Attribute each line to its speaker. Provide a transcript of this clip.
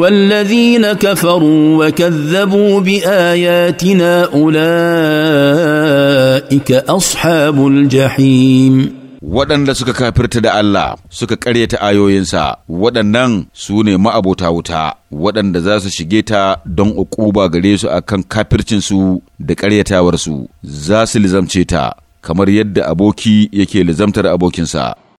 Speaker 1: والذين كفروا وكذبوا باياتنا
Speaker 2: اولئك اصحاب الجحيم waɗanda suka kafirta da Allah suka ƙaryata ayoyinsa waɗannan su ne ma'abota wuta waɗanda za su shige ta don uquba gare su akan kafircinsu da ƙaryatawarsu za su lizamce ta kamar yadda aboki yake lizamtar abokinsa